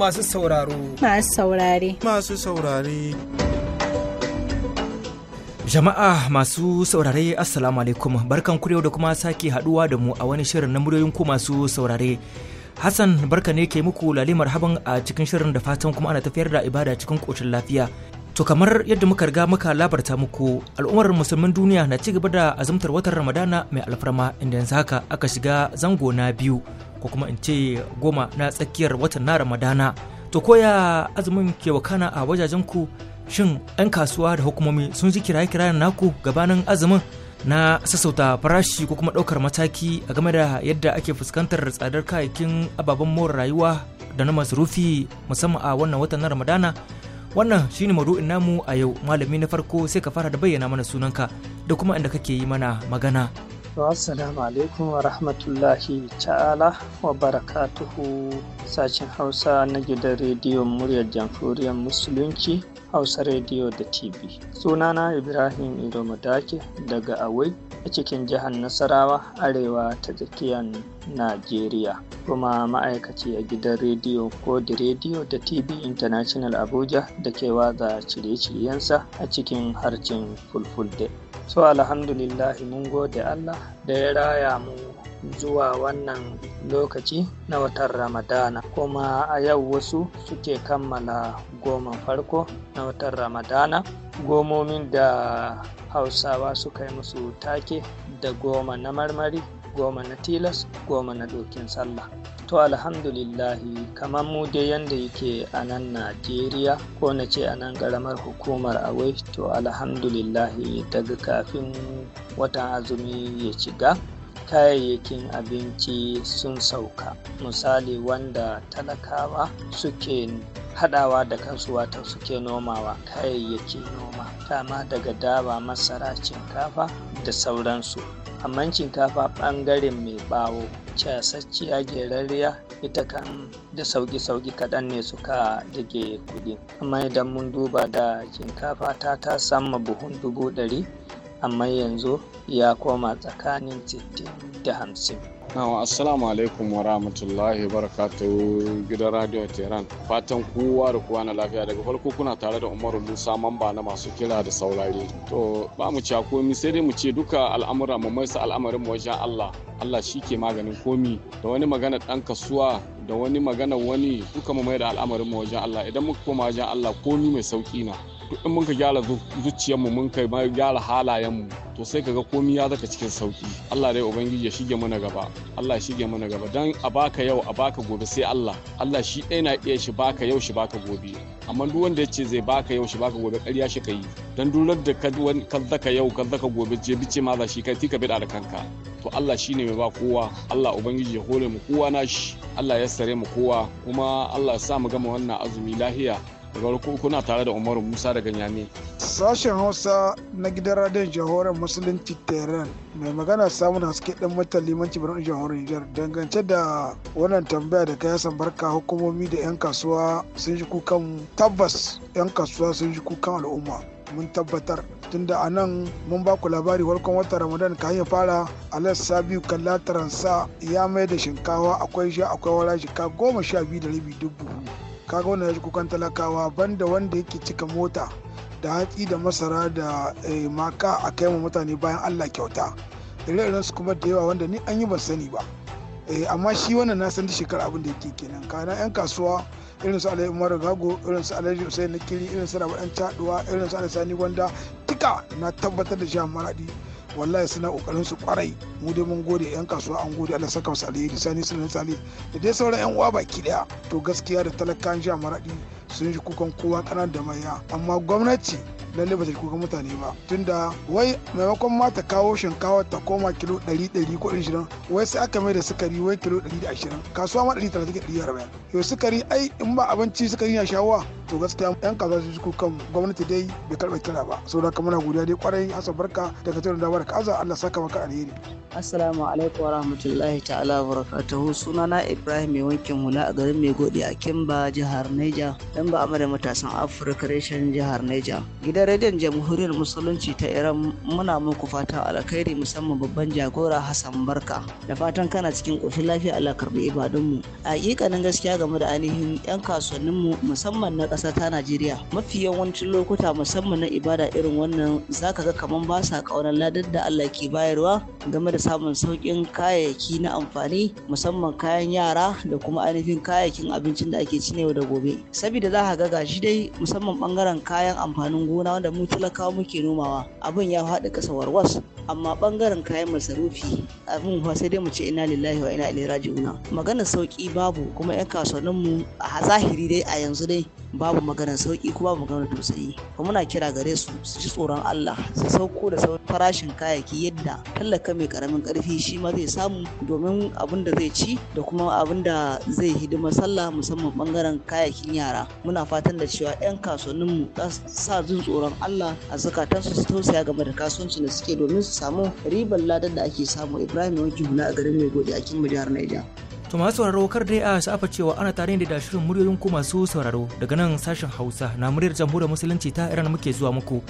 masu sauraro. Masu saurare. Masu saurare. Jama'a masu saurare Assalamu alaikum barkan kurewa da kuma sake haduwa da mu a wani shirin na muryoyin ku masu saurare. Hassan barka ne ke muku lalimar haban a cikin shirin da fatan kuma ana tafiyar da ibada cikin ƙoshin lafiya. To kamar yadda muka riga muka labarta muku al'ummar musulmin duniya na ci gaba da azumtar watan Ramadana mai alfarma inda yanzu haka aka shiga zango na biyu ko kuma in ce goma na tsakiyar watan na ramadana to koya azumin ke wakana a wajajen ku shin 'yan kasuwa da hukumomi sun ji kiraye-kirayen naku gabanin azumin na sassauta farashi ko kuma ɗaukar mataki a game da yadda ake fuskantar tsadar kayayyakin ababen more rayuwa da na masarufi musamman a wannan watan na ramadana wannan shine maudu'in namu a yau malami na farko sai ka fara da bayyana mana sunanka da kuma inda kake yi mana magana Assalamu alaikum wa rahmatullahi ta'ala wa barakatuhu sashen Hausa na gidan rediyon muryar jamhuriyar Musulunci Hausa Rediyo da TV. Sunana Ibrahim Idomadake daga Awai a cikin jihar Nasarawa Arewa ta tsakiyar Najeriya kuma ma'aikaci a gidan rediyo ko da Rediyo da TV International Abuja da ke watsa shirye-shiryensa a cikin harcin Fulfulde. So alhamdulillahi mun gode Allah da ya raya mu zuwa wannan lokaci na watan ramadana kuma a yau wasu suke kammala goma farko na watan ramadana gomomin da hausawa suka yi musu take da goma na marmari goma na tilas goma na dokin sallah to alhamdulillahi kamar mu dai yadda yake a nan najeriya ko na ce a nan karamar hukumar awai to alhamdulillahi daga kafin watan azumi ya shiga kayayyakin abinci sun sauka misali wanda talakawa suke haɗawa da kansu wata suke nomawa kayayyakin noma kama daga dawa masara shinkafa da sauransu amma shinkafa ɓangaren mai ɓawo casacciya gerarriya ita kan da sauki-sauki kaɗan ne suka dage kuɗi amma idan mun duba da shinkafa ta ta sama buhun dubu ɗari amma yanzu ya koma tsakanin 60 da 50. Nawa assalamu alaikum wa rahmatullahi barakatuhu gidan radio Tehran. Fatan kowa da kowa na lafiya daga farko kuna tare da Umaru Musa mamba na masu kira da saurari. To ba mu cewa komi sai dai mu ce duka al'amura mu maisa al'amarin mu wajen Allah. Allah shi ke maganin komi da wani magana ɗan kasuwa da wani magana wani duka mu mai da al'amarin mu wajen Allah idan muka koma wajen Allah komi mai sauki na. duk in ka gyara zuciyarmu mun kai ma gyara halayenmu to sai kaga komi ya zaka cikin sauki Allah dai ubangiji ya shige mana gaba Allah ya shige mana gaba dan a baka yau a baka gobe sai Allah Allah shi ɗaya na iya shi baka yau shi baka gobe amma duk wanda ya ce zai baka yau shi baka gobe ƙarya shi kai dan durar da ka zaka yau ka zaka gobe je bice ma za shi kai tika bida da kanka to Allah shine mai ba kowa Allah ubangiji ya hore mu kowa na shi Allah ya sare mu kowa kuma Allah ya sa mu gama wannan azumi lahiya daga kuna tare da umaru musa daga nyame sashen hausa na gidan radiyon jihohoren musulunci tehran mai magana samun haske dan mata limanci birnin jihohoren nijar dangance da wannan tambaya da ka yasan barka hukumomi da 'yan kasuwa sun shi kukan tabbas 'yan kasuwa sun shi kukan al'umma mun tabbatar tunda a nan mun ba ku labari farkon watan ramadan ka hanyar fara alassa sabiu kan lataransa ya mai da shinkawa akwai shi akwai wala shika goma sha biyu da rabi dubu kaga wannan ya kukan talakawa banda wanda yake cika mota da hatsi da masara da eh, maka a kai ma mutane bayan allah kyauta ire-iren su kuma da yawa wanda ni an yi ban sani ba eh, amma shi wannan na san da shekara abin da yake kenan kana yan kasuwa irin su alayi umaru gago irin su alayi usaini nakiri irin su rabu dan caduwa irin su sani gwanda duka na tabbatar da a maradi wallahi suna kokarin su kwarai mu dai mun gode yan kasuwa an gode Allah saka musu alheri sani sunan sali da dai sauran yan uwa baki daya to gaskiya da talakan jiya maradi sun ji kukan kowa kana da maya amma gwamnati lalle ba ta kuka mutane ba tunda wai maimakon ma ta kawo shinkawa ta koma kilo 100 ko 20 wai sai aka mai da sukari wai kilo 120 kasuwa ma 130 yau sukari ai in ba abinci sukari na shawa to gaskiya yan kaza su kukan gwamnati dai bai karɓa kira ba saboda kamar na godiya dai kwarai hasa barka daga tare da barka aza Allah saka maka alheri assalamu alaikum wa rahmatullahi ta'ala wa barakatuhu sunana Ibrahim mai wankin hula a garin mai godi a Kimba jihar Neja dan ba amara matasan Afirka reshen jihar Neja gidan gidan rediyon jamhuriyar musulunci ta iran muna muku fatan alkhairi musamman babban jagora hassan barka da fatan kana cikin ƙoshin lafiya allah karɓi ibadunmu a ƙiƙanin gaskiya game da ainihin 'yan kasuwanninmu musamman na ƙasa ta najeriya mafi yawancin lokuta musamman na ibada irin wannan zaka ga kaman ba sa ƙaunar ladar da allah ke bayarwa game da samun sauƙin kayayyaki na amfani musamman kayan yara da kuma ainihin kayayyakin abincin da ake ci yau da gobe saboda za ka ga gashi dai musamman bangaren kayan amfanin gona da mu talakawa muke nomawa abin ya haɗa ƙasa warwas amma ɓangaren kayan masarufi abin fa sai dai mu ce ina lillahi wa ina ilaihi raji'una magana sauki babu kuma 'yan kasuwanninmu a zahiri dai a yanzu dai babu magana sauki kuma babu magana tausayi ba muna kira gare su su ji tsoron Allah su sauko da sauran farashin kayayyaki yadda tallaka mai karamin karfi shi ma zai samu domin abin da zai ci da kuma abin da zai hidima sallah musamman bangaren kayayyakin yara muna fatan da cewa 'yan mu za su sa jin tsoron Allah a zakatan su tausaya game da kasuwancin da suke domin su samu ribar ladan da ake samu Ibrahim Wanki Hula a garin Maigode a Kimba jihar Niger. To masu sauraro kar dai a sha'afa cewa ana tare da shirin muryoyin ku masu sauraro daga nan sashen Hausa na muryar jamhuriyar musulunci ta Iran muke zuwa muku.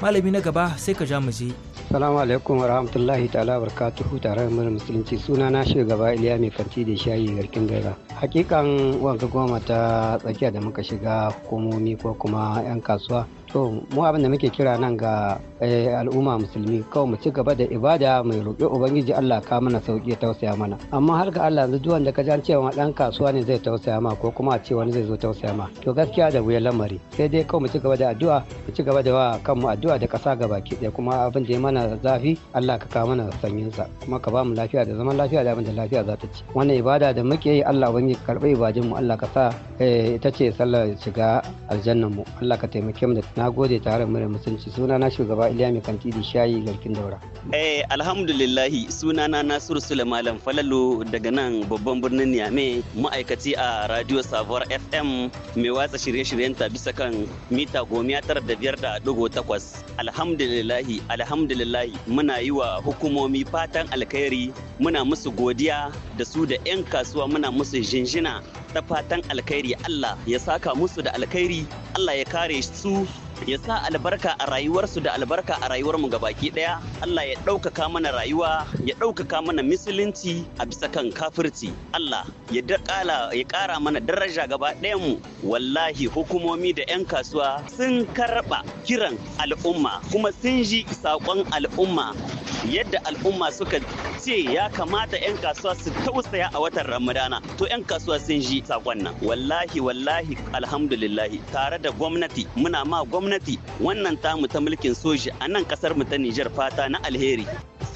Malami na gaba sai ka ja mu je. Salamu alaikum wa rahmatullahi ta'ala barakatuhu tare da muryar musulunci suna na gaba Iliya mai kanti da shayi garkin gaira. Hakikan wanka goma ta tsakiya da muka shiga hukumomi ko kuma 'yan kasuwa to mu abin da muke kira nan ga eh, al'umma musulmi kawai mu ci gaba da ibada mai roƙi ubangiji Allah ka mana sauki ya tausaya mana amma har ga Allah yanzu duwan da ka jan cewa dan kasuwa ne zai tausaya ma ko kuma a ce wani zai zo tausaya ma to gaskiya da wuyan lamari sai dai kawai mu ci gaba da addu'a mu ci gaba da wa kanmu addu'a da ƙasa gabaki ɗaya kuma abin da ya mana zafi Allah ka kawo mana sanyin sa kuma ka ba mu lafiya da zaman lafiya da abin da lafiya za ta ci wannan ibada da muke yi Allah ubangiji karɓi ibadun mu Allah ka sa eh, ita ce sallar shiga aljannan mu Allah ka taimake mu da na gode tare mu da mutunci sunana shugaba Iliya mai kanti da shayi garkin daura eh alhamdulillahi sunana Nasiru Sulaiman Falalo daga nan babban birnin Niamey ma'aikaci a Radio Sabuwar FM mai watsa shirye-shiryen ta bisa kan mita gomiya tara da biyar da dugo takwas alhamdulillahi alhamdulillahi muna yi wa hukumomi fatan alkhairi muna musu godiya da su da 'yan kasuwa muna musu jinjina ta fatan alkhairi Allah ya saka musu da alkhairi Allah ya kare su ya sa albarka a rayuwarsu da albarka a rayuwar mu gabaki daya Allah ya ɗaukaka mana rayuwa ya ɗaukaka mana musulunci a bisa kan kafirci Allah ya daƙala ya ƙara mana daraja gaba ɗayan mu wallahi hukumomi da 'yan kasuwa sun karɓa kiran al'umma kuma sun ji saƙon al'umma yadda al'umma suka ce ya kamata 'yan kasuwa su tausaya a watan ramadana to 'yan kasuwa sun ji saƙon nan wallahi wallahi alhamdulillahi tare da gwamnati muna ma gwamnati gwamnati wannan tamu ta mulkin soji a nan kasar mu ta Nijar fata na alheri.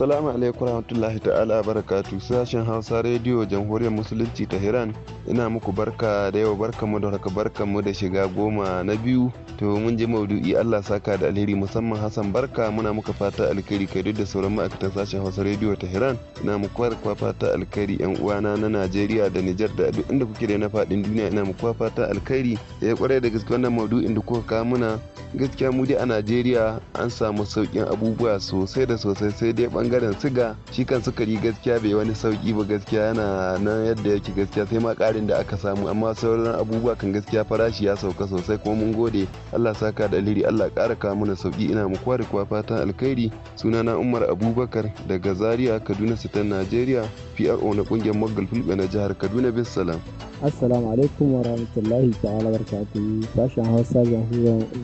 Assalamu alaikum warahmatullahi ta'ala barakatu sashen Hausa rediyo Jamhuriyar Musulunci ta Iran ina muku barka da yau barka mu da haka barka mu da shiga goma na biyu to mun je maudu'i Allah saka da alheri musamman Hassan barka muna muka fata alkari kai duk da sauran ma'aikatan sashen Hausa rediyo ta Iran ina muku barka fata alkari yan uwana na Najeriya da Nijar da duk inda kuke da na fadin duniya ina muku fata alkhairi ya eh, kwarai da gaske wannan maudu'in da kuka kawo muna gaskiya mu dai a Najeriya an samu sauƙin abubuwa sosai da sosai sai dai bangaren siga shi kan sukari gaskiya bai wani sauki ba gaskiya yana na yadda yake gaskiya sai ma karin da aka samu amma sauran abubuwa kan gaskiya farashi ya sauka sosai kuma mun gode Allah saka da liri Allah kara kawo mana sauki ina mu kwari kwa fatan alkhairi sunana Umar Abubakar daga Zaria Kaduna Sitan Najeriya PRO na kungiyar Mogul Fulbe na jihar Kaduna Salam Assalamu alaikum wa rahmatullahi ta'ala barakatuhu sashen Hausa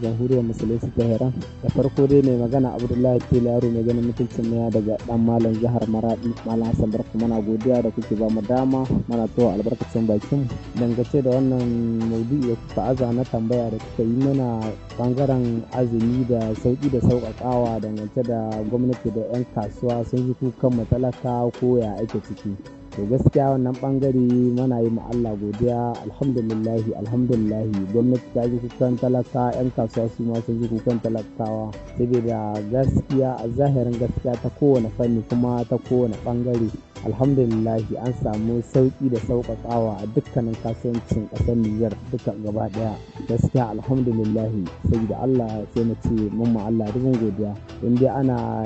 jamhuriyar musulunci ta da farko dai mai magana Abdullahi Tela yaro mai ganin mutuncin maya daga dan malam jihar maraɗi malam hassan barka muna godiya da kuke ba mu dama muna towa albarkacin bakin dangace da wannan maudu'i da kuka aza na tambaya da kuka yi mana ɓangaren azumi da sauki da sauƙaƙawa dangance da gwamnati da 'yan kasuwa sun ji kukan matalaka ko ya ake ciki to gaskiya wannan bangare mana yi Allah godiya alhamdulillahi alhamdulillahi gwamnati ta ji kukan talaka yan kasuwa su ma sun ji kukan talakawa saboda gaskiya a zahirin gaskiya ta kowane fanni kuma ta kowane bangare alhamdulillahi an samu sauki da sauƙaƙawa a dukkanin kasuwancin ƙasar Nijar duka gaba ɗaya gaskiya alhamdulillahi saboda Allah sai mu ce ma Allah dubin godiya in dai ana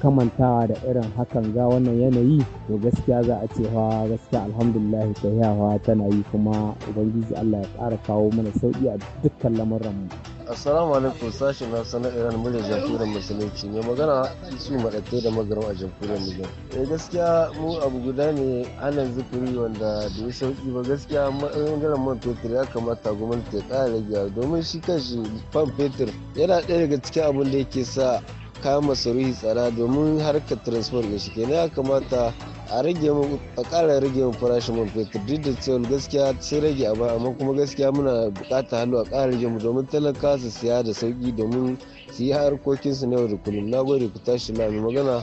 kamantawa da irin hakan ga wannan yanayi to gaskiya za a ce fa gaskiya alhamdulillah tahiyawa tana yi kuma ubangiji Allah ya ƙara kawo mana sauki a dukkan lamuran mu Assalamu alaikum sashi na na Iran murya jamhuriyar musulunci ne magana su maɗaɗe da magaram a jamhuriyar mu Eh gaskiya mu abu guda ne anan zikiri wanda da ya sauki ba gaskiya ɓangaren man fetur ya kamata gwamnati ya ƙara rage domin shi kanshi man fetur yana ɗaya daga cikin abin da yake sa kayan masarufi tsara domin harkar transport ga shi kenan ya kamata a rage a rage mu farashin man fetur duk da cewa gaskiya sai rage a amma kuma gaskiya muna buƙatar halu a ƙara rage mu domin talaka su siya da sauƙi domin su yi harkokinsu na yau da kullum na gode ku tashi lami magana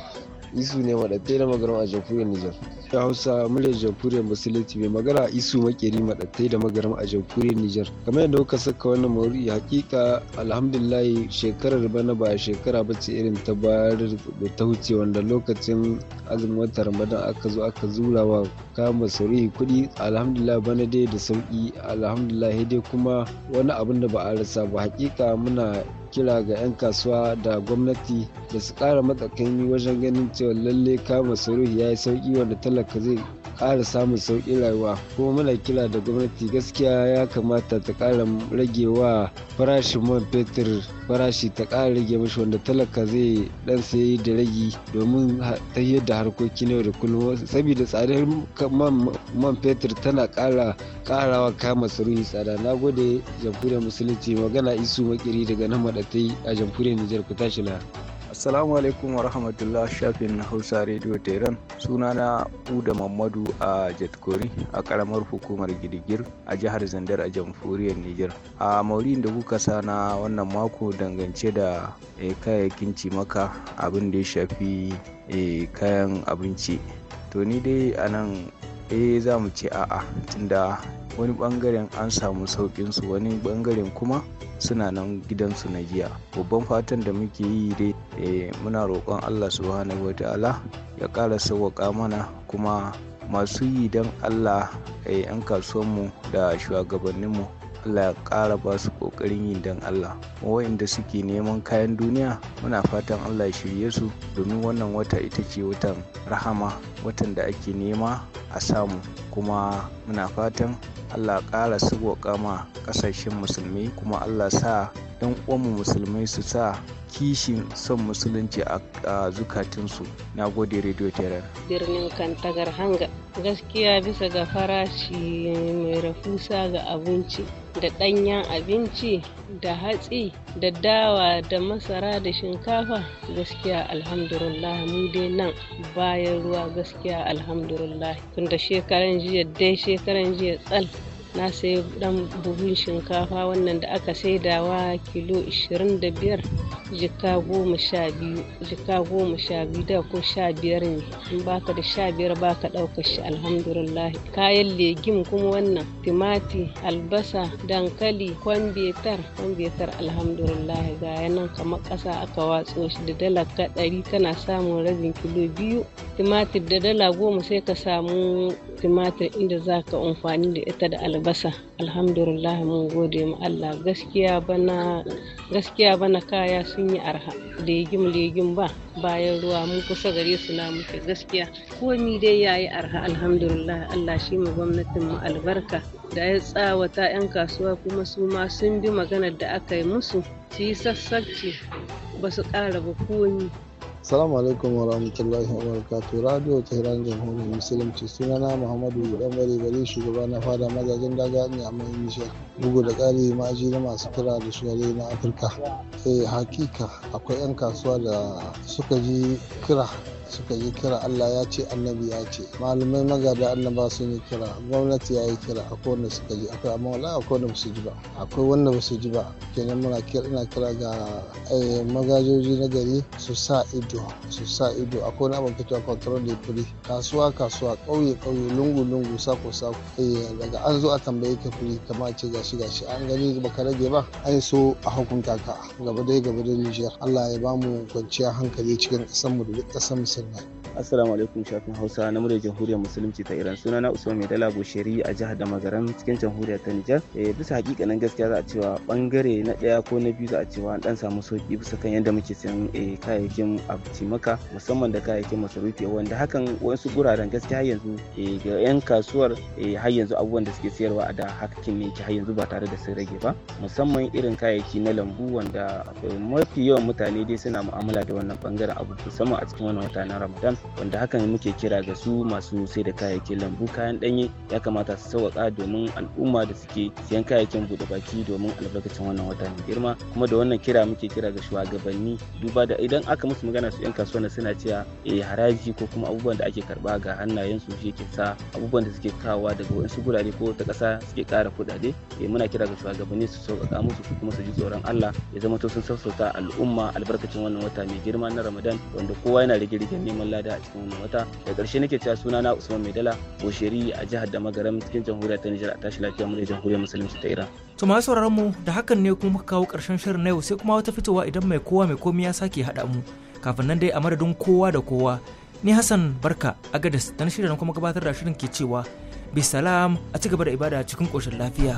isu ne maɗaɗe na magana a jamhuriyar Nijar. ta hausa murya jamhuriyar musulunci mai magana isu makeri madattai da magaram a jamhuriyar nijar kamar yadda kuka saka wannan mawuri hakika alhamdulillahi shekarar bana ba shekara ba ce irin ta bayar da ta huce wanda lokacin azumin watan ramadan aka zo aka zura wa kama saurihi kuɗi alhamdulillah bana dai da sauki alhamdulillah dai kuma wani abin da ba a rasa ba hakika muna kira ga 'yan kasuwa da gwamnati da su kara matsakaimi wajen ganin cewa lalle kama saurihi ya yi sauki wanda talaka zai ƙara samun sauƙin rayuwa kuma muna kila da gwamnati gaskiya ya kamata ta kara rage wa farashin man fetur farashi ta kara rage mashi wanda talaka zai dan sayi da ragi domin ta da harkoki na yau da kullum saboda tsadar man fetur tana kara karawa kama masarufi tsada na gode jamhuriyar musulunci magana isu makiri daga nan maɗatai a jamhuriyar nijar ku tashi na. Assalamu alaikum wa rahmatullah shafin Hausa Radio Tehran sunana Uda Mamadu a Jatkori a karamar hukumar Gidigir a jihar Zandar a jamhuriyar niger A maurin da kuka sana wannan mako dangance da eh, kayayyakin cimaka abin da ya shafi eh, kayan abinci. To ni dai a nan eh za mu ce a'a tunda wani bangaren an samu saukin su wani bangaren kuma suna nan gidansu na jiya babban fatan da muke yi dai eh, muna roƙon allah subhanahu wata'ala ya ƙara sauwaƙa mana kuma masu yi don allah eh, 'yan mu da shugabannin mu. Allah ƙara ba su ƙoƙarin yi dan Allah waɗanda suke neman kayan duniya muna fatan Allah ya shirye su domin wannan wata ita ce watan rahama watan da ake nema a samu kuma muna fatan Allah ƙara sauwaƙa ma ƙasashen musulmi kuma Allah sa yan uwanmu musulmai su sa kishin son musulunci a zukatunsu na gode radio terror birnin kantagar hanga gaskiya bisa ga farashi mai rafusa ga abinci da ɗanyen abinci da hatsi da dawa da masara da shinkafa gaskiya alhamdulillah mu dai nan bayan ruwa gaskiya alhamdulillah tunda shekaran jiya dai shekaran jiya tsal na sai dan buhun shinkafa wannan da aka saidawa kilo 25 jika goma sha biyu jika goma sha biyu da ko sha biyar ne in baka da sha biyar baka ɗaukar shi alhamdulillah kayan legim kuma wannan timati albasa dankali kwambetar kwambetar alhamdulillah ga yanan kamar ƙasa aka watso shi da dala ka ɗari kana samun rabin kilo biyu timatir da dala goma sai ka samu timatir inda za ka amfani da ita da albasa albasa alhamdulillah mun gode mu Allah gaskiya bana gaskiya bana kaya sun yi arha legim legim ba bayan ruwa mun kusa gare su na muke gaskiya komi dai yayi arha alhamdulillah Allah shi mu gwamnatin mu albarka da ya tsawata 'yan kasuwa kuma su ma sun bi maganar da aka yi musu su yi sassabci ba su ƙara ba komi salamu alaikum wa rahmatullahi wa barakatu Radio hiran Jamhuriyar Musulunci sunana Muhammadu Dan Bari Bari shugaba na fada mazajen daga ne a mai Nijar. Bugu da ƙari ma'aji na masu kira da shugare na Afirka. Eh hakika akwai 'yan kasuwa da suka ji kira suka yi kira Allah ya ce annabi ya ce malamai magada annaba sun yi kira gwamnati ya yi kira akwai wanda suka ji akwai amma wala akwai wanda su ji ba akwai wanda ba su ji ba kenan muna kira ina kira ga eh, magajoji na gari su sa ido su sa ido akwai wani abin kacewa control da furi kasuwa kasuwa ƙauye ƙauye lungu lungu sako sako eh, daga an zo a tambaye ka furi kamar a ce gashi gashi an gani baka rage ba an so a hukunta ka gaba dai gaba dai Nijar Allah ya bamu kwanciyar hankali cikin ƙasar da duk Bismillah. Assalamu alaikum shafin Hausa na murya Jamhuriyar Musulunci ta Iran suna na Usman Medala Bushiri a jihar da magaran cikin Jamhuriyar ta Nijar. Eh bisa hakikanin gaskiya za a cewa bangare na daya ko na biyu za a cewa an dan samu sauki bisa kan yadda muke sayan eh, kayayyakin abinci maka musamman da kayayyakin masarufi wanda hakan wasu guraren gaskiya yanzu eh, ga yan kasuwar eh, har yanzu abubuwan da suke sayarwa a da hakakin ne yake har yanzu ba tare da sun rage ba musamman irin kayayyaki na lambu wanda mafi yawan mutane dai suna mu'amala da wannan bangaren abu musamman a cikin wannan wata na Ramadan wanda hakan muke kira ga su masu sai da kayayyakin lambu kayan ɗanye ya kamata su sauwaka domin al'umma da suke siyan kayayyakin buɗe baki domin albarkacin wannan wata mai girma kuma da wannan kira muke kira ga shugabanni duba da idan aka musu magana su 'yan kasuwa suna cewa eh haraji ko kuma abubuwan da ake karba ga hannayen su shi ke sa abubuwan da suke kawowa daga wasu gurare ko ta ƙasa suke ƙara kuɗaɗe eh muna kira ga shugabanni su sauƙaƙa musu ko kuma su ji tsoron Allah ya zama to sun sassauta al'umma albarkacin wannan wata mai girma na Ramadan wanda kowa yana rige-rigen neman lada da a cikin wannan wata da ƙarshe nake cewa suna na usman maidala bosheri a jihar da magaram cikin jamhuriyar ta nijar a tashi lafiya mu ne jamhuriyar musulunci ta iran to ma sauraron mu da hakan ne kuma muka kawo ƙarshen shirin na yau sai kuma wata fitowa idan mai kowa mai komi ya sake haɗa mu kafin nan dai a madadin kowa da kowa ni hassan barka a gadas da na shirya kuma gabatar da shirin ke cewa bisalam a ci gaba da ibada cikin koshin lafiya.